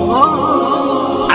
Oh.